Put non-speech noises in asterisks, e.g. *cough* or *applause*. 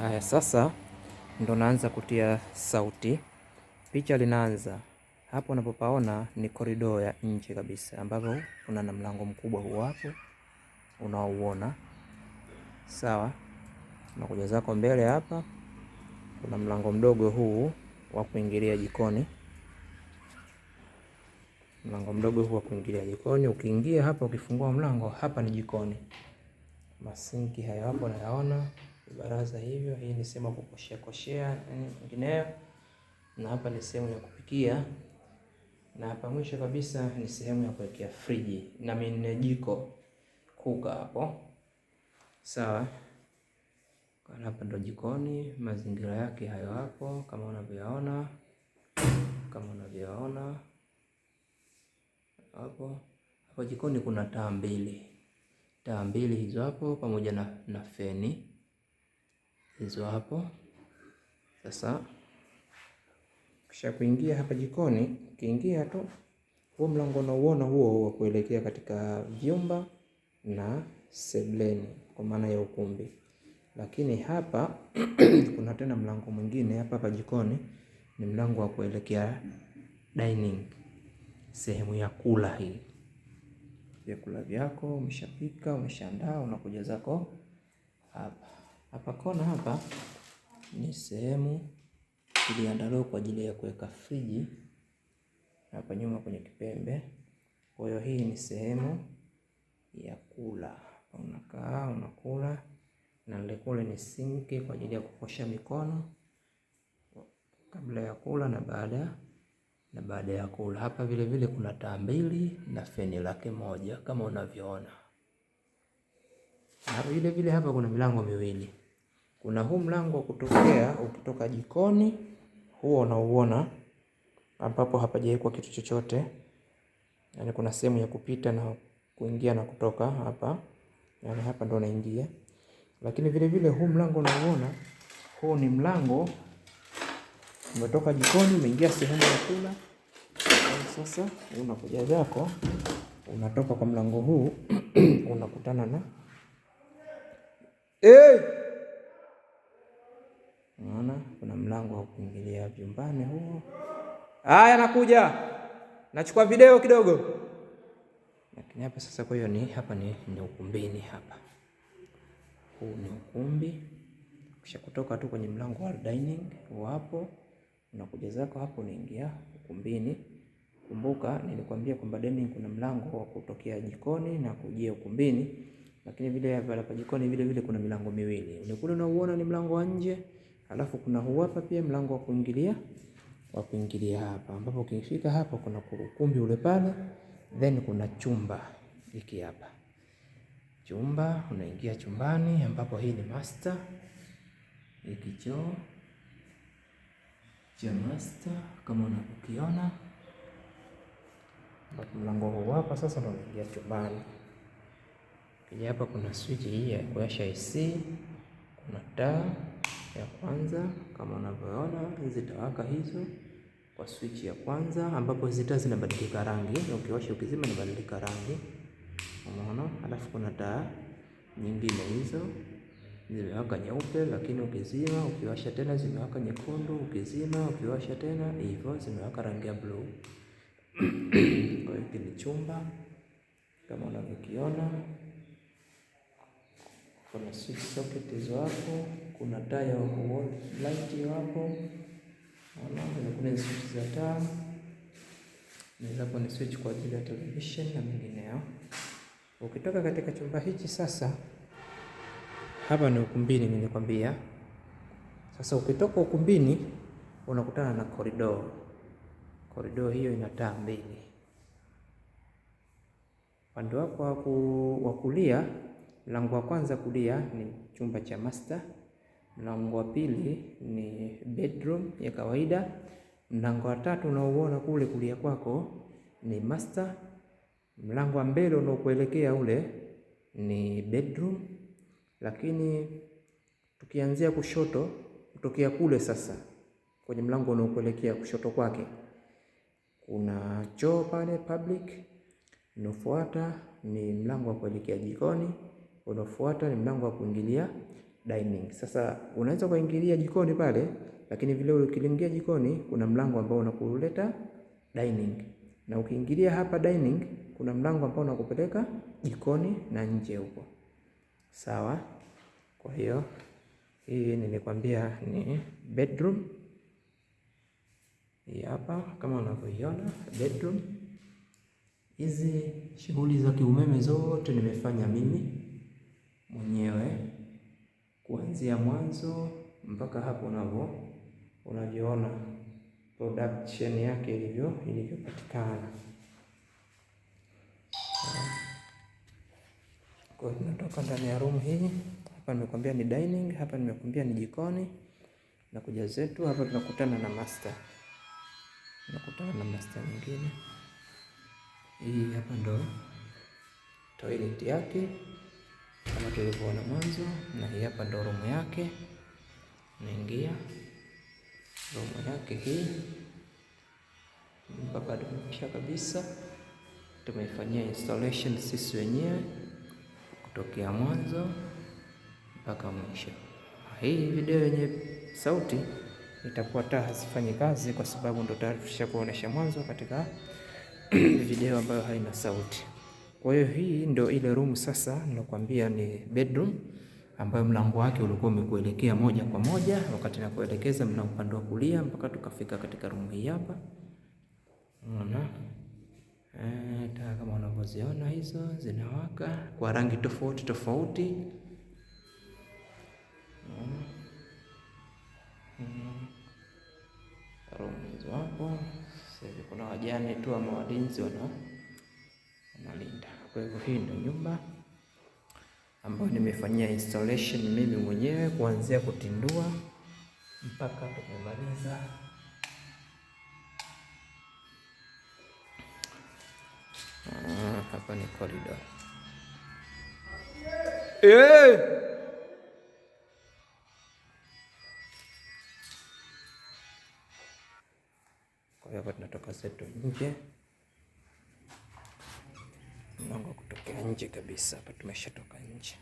Haya, sasa ndo naanza kutia sauti, picha linaanza hapo. Unapopaona ni korido ya nje kabisa, ambapo kuna na mlango mkubwa huo hapo unaouona. Sawa, unakuja zako mbele hapa, kuna mlango mdogo huu wa kuingilia jikoni, mlango mdogo huu wa kuingilia jikoni. Ukiingia hapa, ukifungua mlango, hapa ni jikoni. Masinki hayo hapo nayaona vibaraza hivyo. Hii ni sehemu ya kukoshea koshea nyingineyo, eh, na hapa ni sehemu ya kupikia, na hapa mwisho kabisa ni sehemu ya kuwekea friji na mine jiko kuka hapo, sawa. Hapa ndo jikoni, mazingira yake hayo hapo kama unavyoyaona, kama unavyoyaona hapo hapo. Jikoni kuna taa mbili, taa mbili hizo hapo pamoja na, na feni hizo hapo. Sasa kisha kuingia hapa jikoni, ukiingia tu huo mlango unauona huo wa kuelekea katika vyumba na sebleni, kwa maana ya ukumbi. Lakini hapa *clears throat* kuna tena mlango mwingine hapa hapa jikoni, ni mlango wa kuelekea dining, sehemu ya kula hii. Vyakula vyako umeshapika, umeshaandaa, unakuja zako hapa. Hapa kona hapa ni sehemu iliandaliwa kwa ajili ya kuweka friji, hapa nyuma kwenye kipembe. Kwa hiyo hii ni sehemu ya kula, unakaa unakula, na lile kule ni sinki kwa ajili ya kuosha mikono kabla ya kula na baada na baada ya kula. Hapa vile vile kuna taa mbili na feni lake moja kama unavyoona, na vile vile hapa kuna milango miwili. Kuna huu mlango wa kutokea ukitoka jikoni, huo unauona, ambapo hapajawekwa kitu chochote, yani kuna sehemu ya kupita na kuingia na kutoka hapa, yani hapa ndo unaingia. Lakini vile vile huu mlango unauona, huu ni mlango umetoka jikoni umeingia sehemu ya kula. Yaani sasa unakuja zako, unatoka kwa mlango huu *clears throat* unakutana na hey! Unaona kuna mlango wa kuingilia vyumbani huo. Haya, nakuja nachukua video kidogo, lakini hapa sasa. Kwa hiyo ni hapa ni, ni ukumbini hapa, huu ni ukumbi. Kisha kutoka tu kwenye mlango wa dining hapo, unakuja zako hapo, unaingia ukumbini. Kumbuka nilikwambia kwamba dining kuna mlango wa kutokea jikoni na kujia ukumbini, lakini vile hapa jikoni vile vile kuna milango miwili, ule kule unaoona ni mlango wa nje Alafu kuna huu hapa pia mlango wa kuingilia wa kuingilia hapa, ambapo ukifika hapa kuna ukumbi ule pale, then kuna chumba hiki hapa. Chumba unaingia chumbani, ambapo hii ni master, hiki choo cha master kama unakiona, ambapo mlango huu hapa sasa ndio unaingia chumbani. Hii hapa kuna switch hii ya kuwasha AC, kuna taa ya kwanza kama unavyoona hizi tawaka hizo kwa switch ya kwanza, ambapo hizi taa zinabadilika rangi, ukiwasha ukizima inabadilika rangi, unaona. Alafu kuna taa nyingine hizo zimewaka nyeupe, lakini ukizima ukiwasha tena zimewaka nyekundu, ukizima ukiwasha tena hivyo zimewaka rangi ya blue. *clears throat* Kwa hiyo ni chumba kama unavyokiona, kuna switch socket hizo hapo kuna taa ya light hapo, na kuna switch za taa, naweza kuwa ni switch kwa ajili ya television na mengineo. Ukitoka katika chumba hichi sasa, hapa ni ukumbini, nilikwambia. Sasa ukitoka ukumbini, unakutana na korido. Corridor hiyo ina taa mbili, upande wako wa kulia, mlango wa kwanza kulia ni chumba cha master Mlango wa pili ni bedroom ya kawaida. Mlango wa tatu unaouona kule kulia kwako ni master. Mlango wa mbele unaokuelekea ule ni bedroom, lakini tukianzia kushoto kutokea kule sasa, kwenye mlango unaokuelekea kushoto kwake kuna choo pale public. Unaofuata ni mlango wa kuelekea jikoni, unaofuata ni mlango wa kuingilia dining. Sasa unaweza kuingilia jikoni pale, lakini vile ukiingia jikoni kuna mlango ambao unakuleta dining. Na ukiingilia hapa dining kuna mlango ambao unakupeleka jikoni na nje huko. Sawa? Kwa hiyo hii nilikwambia ni bedroom. Hii hapa kama unavyoiona bedroom. Hizi shughuli za kiumeme zote nimefanya mimi mwenyewe kuanzia mwanzo mpaka hapo unavyo unavyoona production yake ilivyo ilivyopatikana. Kwa hiyo tunatoka ndani ya room hii, hapa nimekwambia ni dining, hapa nimekuambia ni jikoni na kuja zetu hapa tunakutana na master, tunakutana na master nyingine. Hii hapa ndo toilet yake kama tulivyoona mwanzo, na hii hapa ndo room yake. Naingia room yake hii, bado mpya kabisa, tumeifanyia installation sisi wenyewe kutokea mwanzo mpaka mwisho. Hii video yenye sauti itakuwa taa hazifanyi kazi, kwa sababu ndo tayari tushakuonesha mwanzo katika *clears throat* video ambayo haina sauti. Kwa hiyo hii ndio ile room sasa nilokuambia ni bedroom ambayo mlango wake ulikuwa umekuelekea moja kwa moja, wakati nakuelekeza mna upande wa kulia mpaka tukafika katika room hii hapa. Unaona? Eh, taa kama unavyoziona hizo zinawaka kwa rangi tofauti tofauti. Hmm. Room hizo hapo. Sasa kuna wajane tu ama walinzi wanao inalinda. Kwa hivyo hii ndio nyumba ambayo nimefanyia installation mimi mwenyewe kuanzia kutindua mpaka tumemaliza. Ah, hapa ni corridor. Hey! Eh! Kwa hivyo tunatoka zetu nje mlango wa kutokea nje kabisa. Hapa tumeshatoka nje.